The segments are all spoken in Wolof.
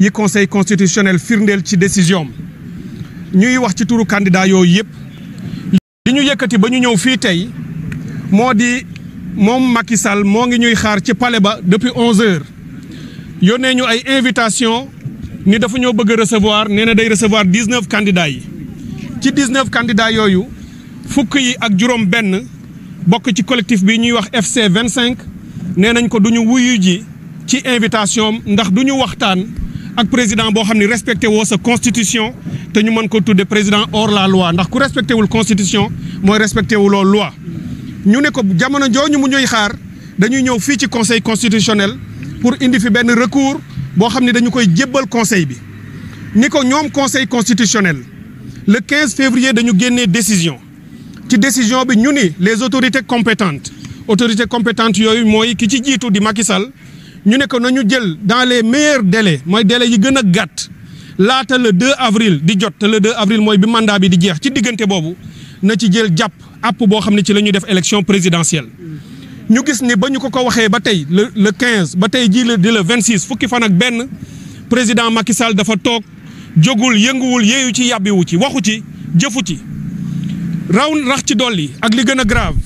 yi conseil constitutionnel firndeel ci décision ñuy wax ci turu candidat yooyu yëpp. li ñu yëkkati ba ñu ñëw fii tey moo di moom Macky Sall moo ngi ñuy xaar ci pale ba depuis onze heures yónnee ñu ay invitation ni dafa ñoo bëgg a recevoir nee na day recevoir dix neuf candidats yi ci dix neuf candidats yooyu fukk yi ak juróom benn bokk ci collectif bi ñuy wax FC 25 nee nañ ko du ñu wuyu ji ci invitation ndax du ñu waxtaan. ak président bo xamni respecter respecté sa constitution té ñu mën ko président hors la loi ndax ku respecté la constitution mooy respecté wuloo loi ñu ne ko jamono ñu mu ñuy xaar dañuy ñëw fi ci conseil constitutionnel pour indi fi recours bo xamni ne dañu koy conseil bi niko ñom conseil constitutionnel le 15 février dañu une décision ci décision bi ñu les autorités compétentes autorités compétentes yoyu moy ki ci jitu di Macky Sall ñu ne ko nañu jël dans les meilleurs délais mooy délais yi gën a gàtt laata le 2 avril di jot te le avril mooy bi mandat bi di jeex ci diggante boobu na ci jël jàpp app boo xam ne ci la ñuy def élection présidentielle. ñu gis ni ba ñu ko ko waxee ba tey le le 15 ba tey jii la di le 26 fukki fan ak benn président Macky Sall dafa toog jógul yënguwul yeeyu ci yàbbiwu ci waxu ci jëfu ci raw rax ci dolli ak li gën a grave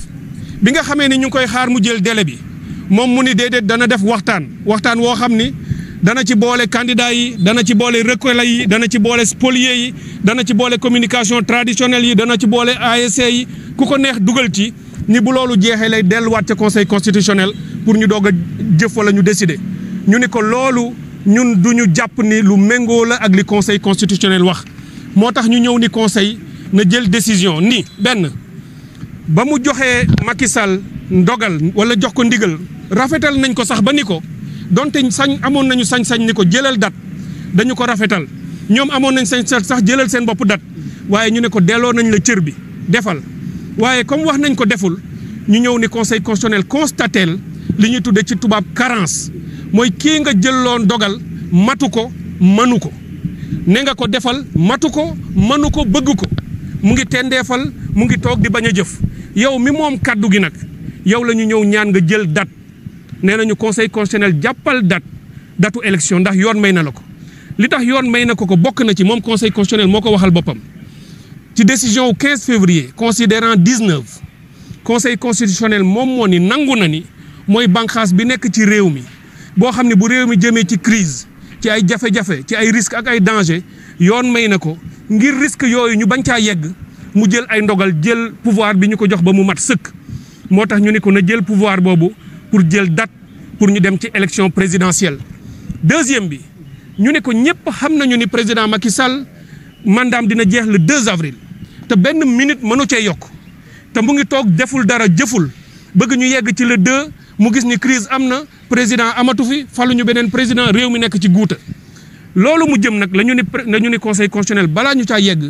bi nga xamee ni ñu ngi koy xaar mu jël délai bi. moom mu ni déedéet dana def waxtaan waxtaan woo xam ni dana ci boole candidat yi dana ci boole recola yi dana ci boole spolier yi dana ci boole communication traditionnelle yi dana ci boole ASC yi ku ko neex dugal ci ni bu loolu jeexee lay delluwaat ca conseil constitutionnel pour ñu doog a jëf wala ñu décider ñu ni ko loolu ñun du ñu jàpp ni lu méngoo la ak li conseil constitutionnel wax moo tax ñu ñëw ni conseil na jël décision ni benn ba mu joxee Macky Sall wala jox ko rafetal nañ ko sax ba niko ko donte sañ amon nañu sañ-sañ niko jëlal dat dañu ko rafetal ñom amon nañ sañ sax jëlal seen bop dat waye ñu ne ko delo nañ la cër bi defal waye comme wax nañ ko deful ñu ñew ni conseil constitutionnel constatel li ñu tuddé ci tubab carence moy ki nga jëlloon dogal matuko manuko, ne nga ko defal matuko manuko bëgg ko mu ngi tendeefal mu ngi tok di baña jëf yow mi mom kaddu gi nak yow la ñu ñaan nga jël dat nee nañu conseil constitutionnel jàppal date datu élection ndax yoon may na la ko li tax yoon may na ko ko bokk na ci moom conseil constitutionnel moo ko waxal boppam ci décision wu 15 février considérant 19 conseil constitutionnel moom moo ni nangu na ni mooy banqaas bi nekk ci réew mi boo xam ne bu réew mi jëmee ci crise ci ay jafe-jafe ci ay risques ak ay danger yoon may na ko ngir risque yooyu ñu bañ caa yegg mu jël ay ndogal jël pouvoir bi ñu ko jox ba mu mat sëkk moo tax ñu ni na jël pouvoir boobu pour jël date pour ñu dem ci élection présidentielle deuxième bi ñu ne ko ñepp xam nañu ni président Macky Sall mandam dina jeex le 2 avril te ben minute mënu ci yok te mu ngi tok deful dara jëful bëgg ñu yegg ci le 2 mu gis ni crise amna président amatu fi ñu benen président réew mi nekk ci guuta lolu mu jëm nak lañu ni la ñu ni conseil constitutionnel bala ñu ca yegg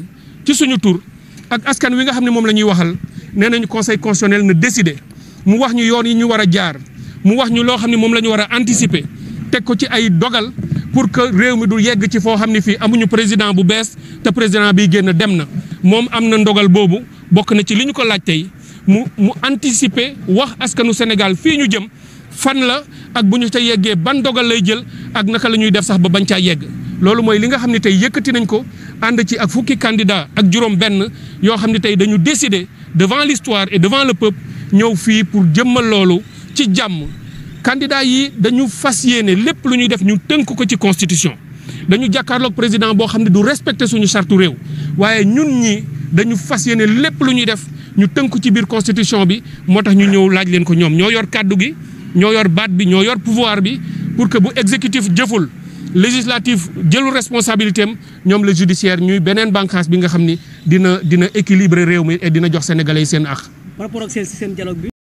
ci suñu tour ak askan wi nga xamni mom lañuy waxal nenañu conseil constitutionnel ne décider mu wax ñu yoon yi ñu wara jaar mu wax ñu loo xam ne moom la ñu war a anticiper teg ko ci ay dogal pour que réew mi du yegg ci foo xam ne fii amuñu président bu bees te président bi génn dem na moom am na ndogal boobu bokk na ci li ñu ko laaj tey mu mu anticiper wax askanu Sénégal fii ñu jëm fan la ak bu ñu ca yeggee ban dogal lay jël ak naka la ñuy def sax ba bañ caa yegg loolu mooy li nga xam ne tey yëkkati nañ ko ànd ci ak fukki candidat ak juróom benn yoo xam ne tey dañu décider devant l'histoire et devant le ñëw fii pour jëmmal loolu ci jàmm candidat yi dañu fas yéene lépp lu ñuy def ñu tënk ko ci constitution dañu jàkkaarloog président boo xam ne du respecté suñu sartu réew waaye ñun ñi dañu fas yéene lépp lu ñuy def ñu tënk ci biir constitution bi moo tax ñu ñëw laaj leen ko ñoom ñoo yor kàddu gi ñoo yor baat bi ñoo yor pouvoir bi pour que bu exécutif jëful législatif jëlul responsabilité ñoom la judiciaire ñuy beneen bànqaas bi nga xam ni dina dina équilibré réew mi et dina jox sénégalais yi seen àq. par rapport ak seen dialogue bi.